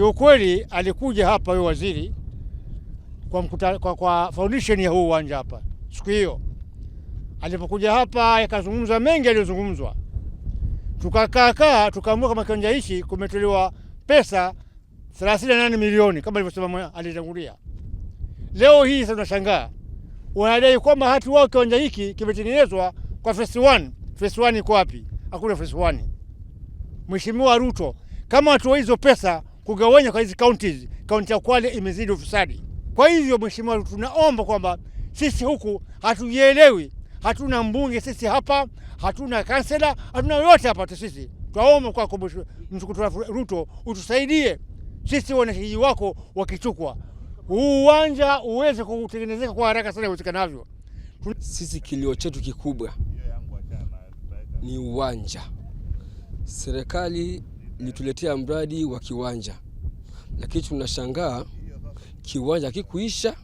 Kiukweli alikuja hapa huyo waziri kwa, mkuta, kwa, kwa foundation ya huu uwanja hapa siku hiyo alipokuja hapa akazungumza mengi aliyozungumzwa, tukakaakaa tukaamua kama kiwanja hichi kumetolewa pesa 38 milioni kama alivyosema alitangulia. Leo hii sasa tunashangaa wanadai kwamba hati wao kiwanja hiki kimetengenezwa kwa phase 1. Phase 1 iko wapi? Hakuna phase 1. Mheshimiwa Ruto, kama watu hizo pesa kugawanya kwa hizi counties, kaunti ya Kwale imezidi ufisadi. Kwa hivyo, mheshimiwa, tunaomba kwamba sisi huku hatujielewi, hatuna mbunge sisi hapa, hatuna kansela, hatuna yote hapa tu sisi. Twaomba kwako mtukutu Ruto utusaidie sisi wanakijiji wako wakichukwa huu uwanja uweze kutengenezeka kwa haraka sana iwezekanavyo. Sisi kilio chetu kikubwa ni uwanja. Serikali lituletea mradi wa kiwanja, lakini tunashangaa kiwanja kikuisha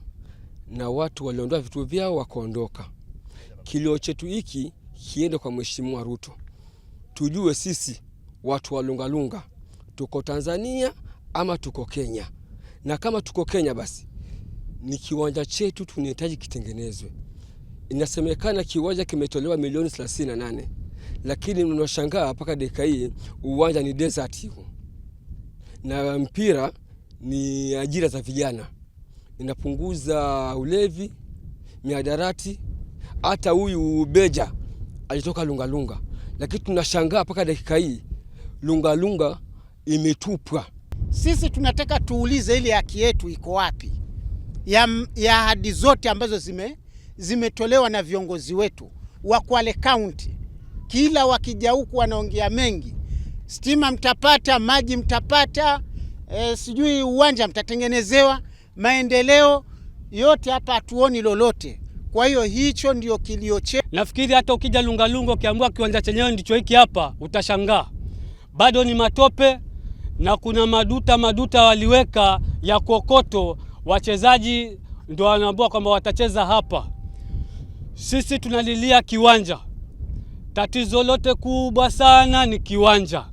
na watu waliondoa vitu vyao wakaondoka. Kilio chetu hiki kiende kwa Mheshimiwa Ruto, tujue sisi watu wa Lungalunga tuko Tanzania ama tuko Kenya, na kama tuko Kenya basi ni kiwanja chetu tunahitaji kitengenezwe. Inasemekana kiwanja kimetolewa milioni 38 lakini unashangaa mpaka dakika hii uwanja ni desert na mpira ni ajira za vijana, inapunguza ulevi, mihadarati. Hata huyu Beja alitoka Lungalunga, lakini tunashangaa mpaka dakika hii Lungalunga imetupwa. Sisi tunataka tuulize ile haki yetu iko wapi, ya, ya ahadi zote ambazo zime, zimetolewa na viongozi wetu wa Kwale kaunti kila wakija huku wanaongea mengi, stima mtapata, maji mtapata, e, sijui uwanja mtatengenezewa, maendeleo yote hapa hatuoni lolote. Kwa hiyo hicho ndio kilio chetu. Nafikiri hata ukija Lungalunga ukiambiwa kiwanja chenyewe ndicho hiki hapa, utashangaa bado ni matope na kuna maduta maduta waliweka ya kokoto, wachezaji ndio wanaambua kwamba watacheza hapa. Sisi tunalilia kiwanja Tatizo lote kubwa sana ni kiwanja.